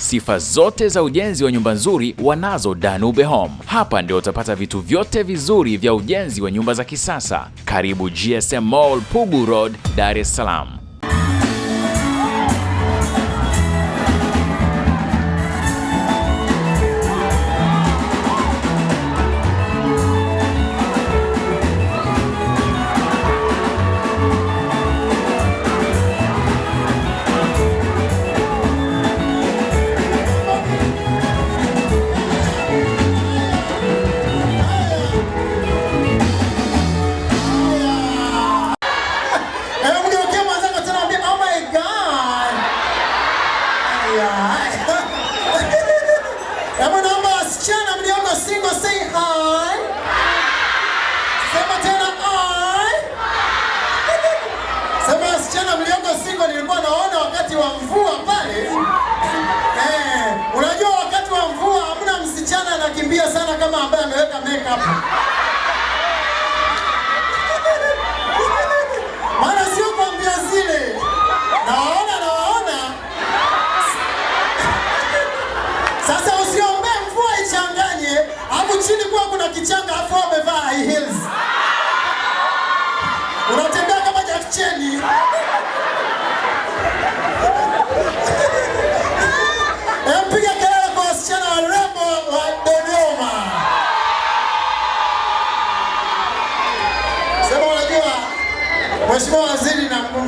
Sifa zote za ujenzi wa nyumba nzuri wanazo Danube Home. Hapa ndio utapata vitu vyote vizuri vya ujenzi wa nyumba za kisasa. Karibu GSM Mall, Pugu Road, Dar es Salaam. Hebu naomba wasichana mlioko single say hi. Sema tena hi. Sema wasichana mlioko single, nilikuwa naona wakati wa mvua pale. Eh, unajua wakati wa mvua hamna msichana anakimbia sana kama ambaye ameweka makeup.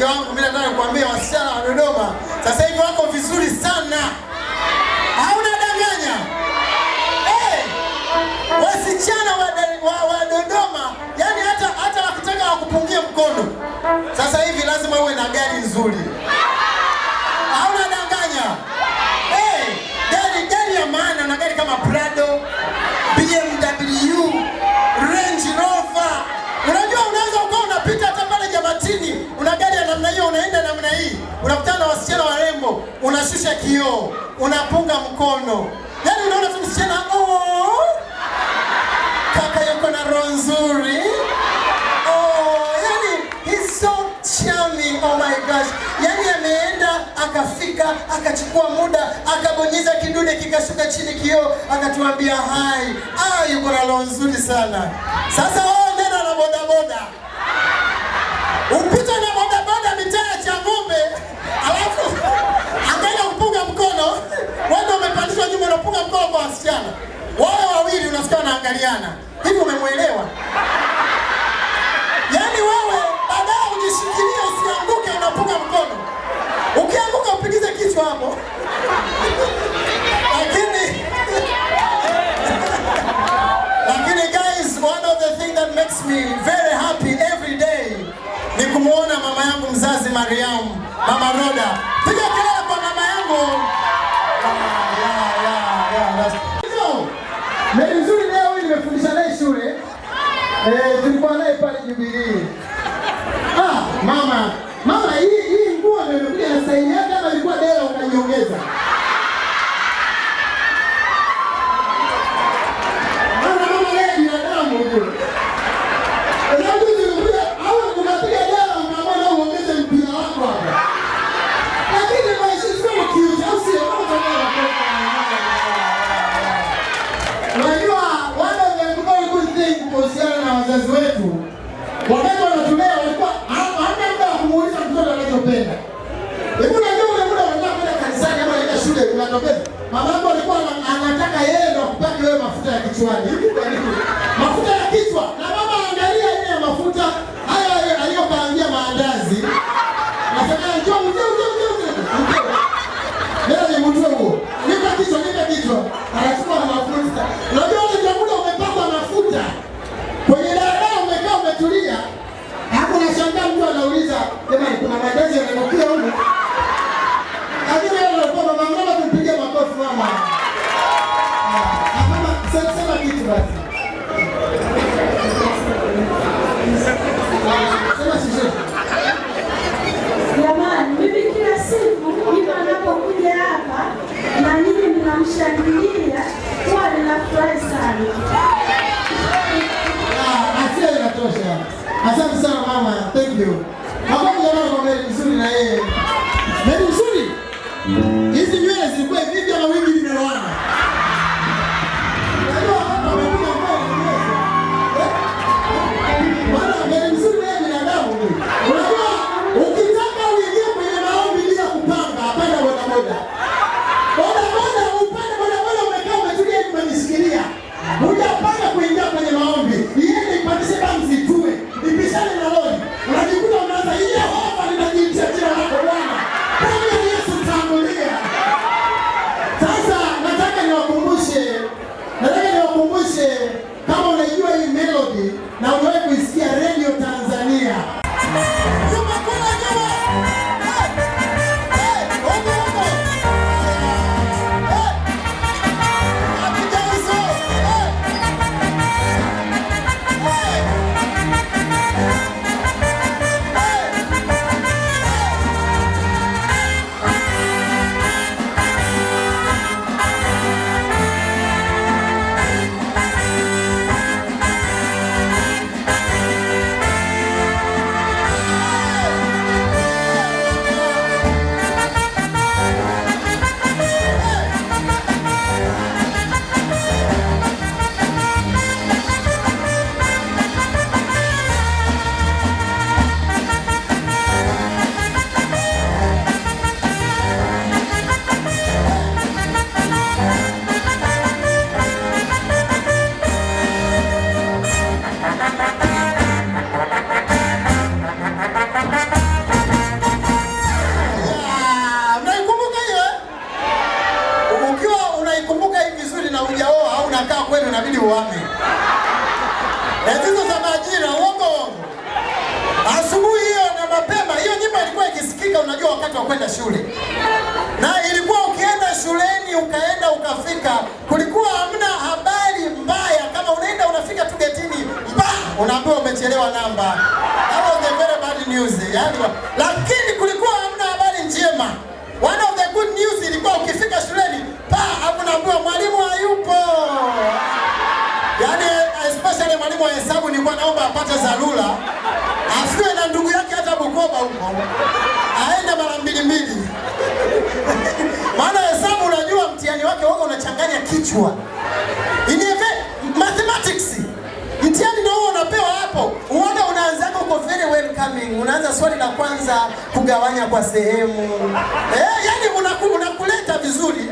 Mjomba wangu, mimi nataka kukuambia wasichana wa Dodoma sasa hivi wako vizuri sana, hauna danganya. Hey, wasichana wa, wa, wa Dodoma yani hata hata wakitaka wakupungie mkono sasa hivi lazima uwe na gari nzuri unakutana na wasichana warembo, unashusha kioo, unapunga mkono, yaani unaona tu msichana oh, kaka yuko na roho nzuri oh, yani he's oh my gosh, yani ameenda akafika akachukua muda akabonyeza kidude kikashuka chini kioo, akatuambia hai, ah, yuko na roho nzuri sana. Sasa wewe nenda na bodaboda that makes me very happy every day ni kumwona mama yangu mzazi Mariam, Mama Roda. Piga kelele kwa mama yangu. Ni ah, nzuri leo hii nimefundisha naye shule. Eh, tulikuwa naye pale Jubilee. Ah, mama mas às vezes Afrika kulikuwa hamna habari mbaya, kama unaenda unafika tu getini, ba unaambiwa umechelewa namba, that was a very bad news yani, lakini kulikuwa hamna habari njema. One of the good news ilikuwa ukifika shuleni pa unaambiwa mwalimu hayupo, yani especially mwalimu wa hesabu, nilikuwa naomba kichwa. Mathematics. Mtihani ndio unapewa hapo. Unaona unaanza uko very welcoming. Unaanza swali la kwanza kugawanya kwa sehemu. Eh, yani unakuleta vizuri.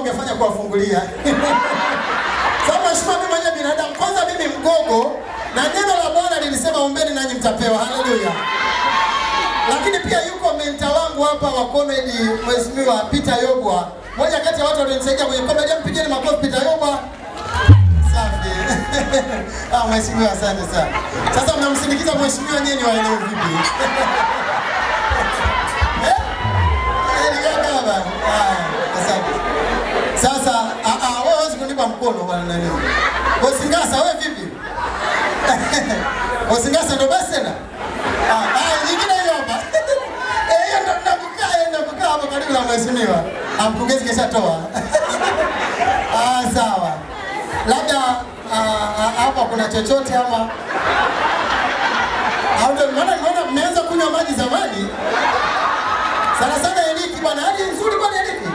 ungefanya kuwafungulia sababu mheshimiwa, mimi mwenyewe binadamu kwanza, mimi mgogo, na neno la Bwana lilisema ombeni nanyi mtapewa. Haleluya! Lakini pia yuko menta wangu hapa wa comedy, mheshimiwa Peter Yobwa, mmoja kati ya watu walionisaidia kwenye comedy. Mpigeni makofi Peter Yogwa. Safi. Ah, mheshimiwa, asante sana. Sasa mnamsindikiza mheshimiwa, nyenye waelewe vipi? Sasa wewe huwezi kunipa mkono bwana nani? Osingasa wewe vipi? Osingasa ndo basi tena. Ah, ah nyingine hiyo hapa. Eh, hiyo ndo tunakukaa enda eh, kukaa hapo karibu na mheshimiwa. Amkuongeze ah, kesha toa. Ah, sawa. Labda ah, hapa kuna chochote ama au ndio maana nimeona mmeanza kunywa maji zamani. Sana sana Eliki bwana, hali yaani nzuri bwana Eliki.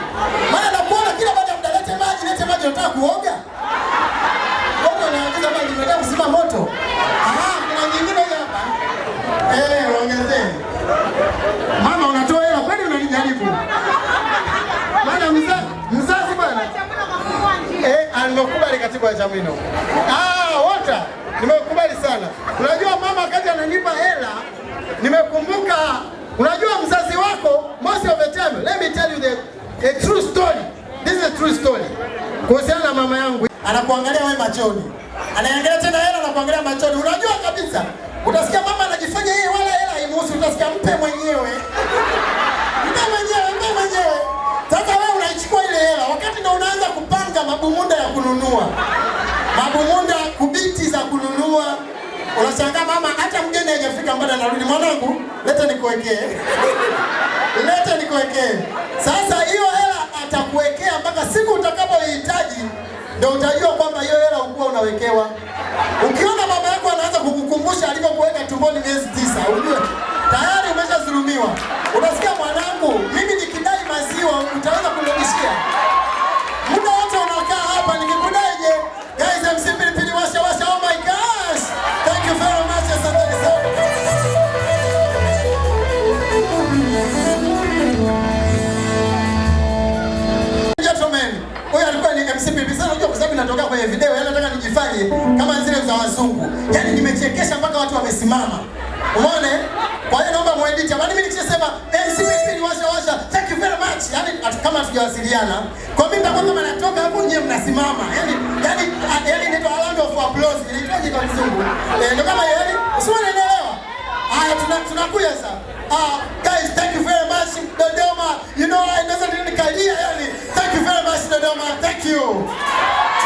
Maana na nilete maji, unataka kuoga? Moto unaagiza maji, unataka kuzima moto? Ah, kuna nyingine hapa. Eh, ongezeni. Mama unatoa hela kwani unanijaribu? Maana mzazi mzazi bwana. Eh, alikubali katiba ya Chamwino. Ah, wota. Nimekubali sana. Unajua mama kaja ananipa hela. Nimekumbuka unajua mzazi wako Moses Ovetembe. Let me tell you the a true story. This is a true story. Kuhusiana na mama yangu, anakuangalia wewe machoni, anaangalia tena hela, anakuangalia machoni. Unajua kabisa, utasikia mama anajifanya yeye, wala hela haimuhusu. Utasikia mpe mwenyewe, mpe mwenyewe, mpe mwenyewe. Sasa wewe unaichukua ile hela, wakati na unaanza kupanga mabumunda ya kununua, mabumunda kubiti za kununua. Unashangaa mama hata mgeni hajafika bado anarudi, mwanangu, leta nikuwekee, leta nikuwekee sasa siku utakapoihitaji ndio utajua kwamba hiyo hela ukuwa unawekewa. Ukiona mama yako anaanza kukukumbusha alivyokuweka tumboni miezi tisa, ujue tayari umeshazulumiwa. Unasikia mwanangu, mimi nikidai maziwa utaweza kunirudishia? Muda wote unakaa hapa nikikudaje? Guys MC Pilipili wamesimama. Umeona? Eh? Kwa hiyo naomba muedit. Jamani mimi nikisema MC mimi ni washa. washa. Thank you very much. Yaani kama hatujawasiliana, kwa mimi nitakuwa kama natoka hapo nyewe mnasimama. Yaani yaani ah, yaani inaitwa round of applause. Inaitwaje kwa mzungu. Eh, ndio kama yaani usiwe unaelewa. Haya ah, tuna tunakuja sasa. Ah, guys thank you very much Dodoma. You know I doesn't really care. Yaani thank you very much Dodoma. Thank you.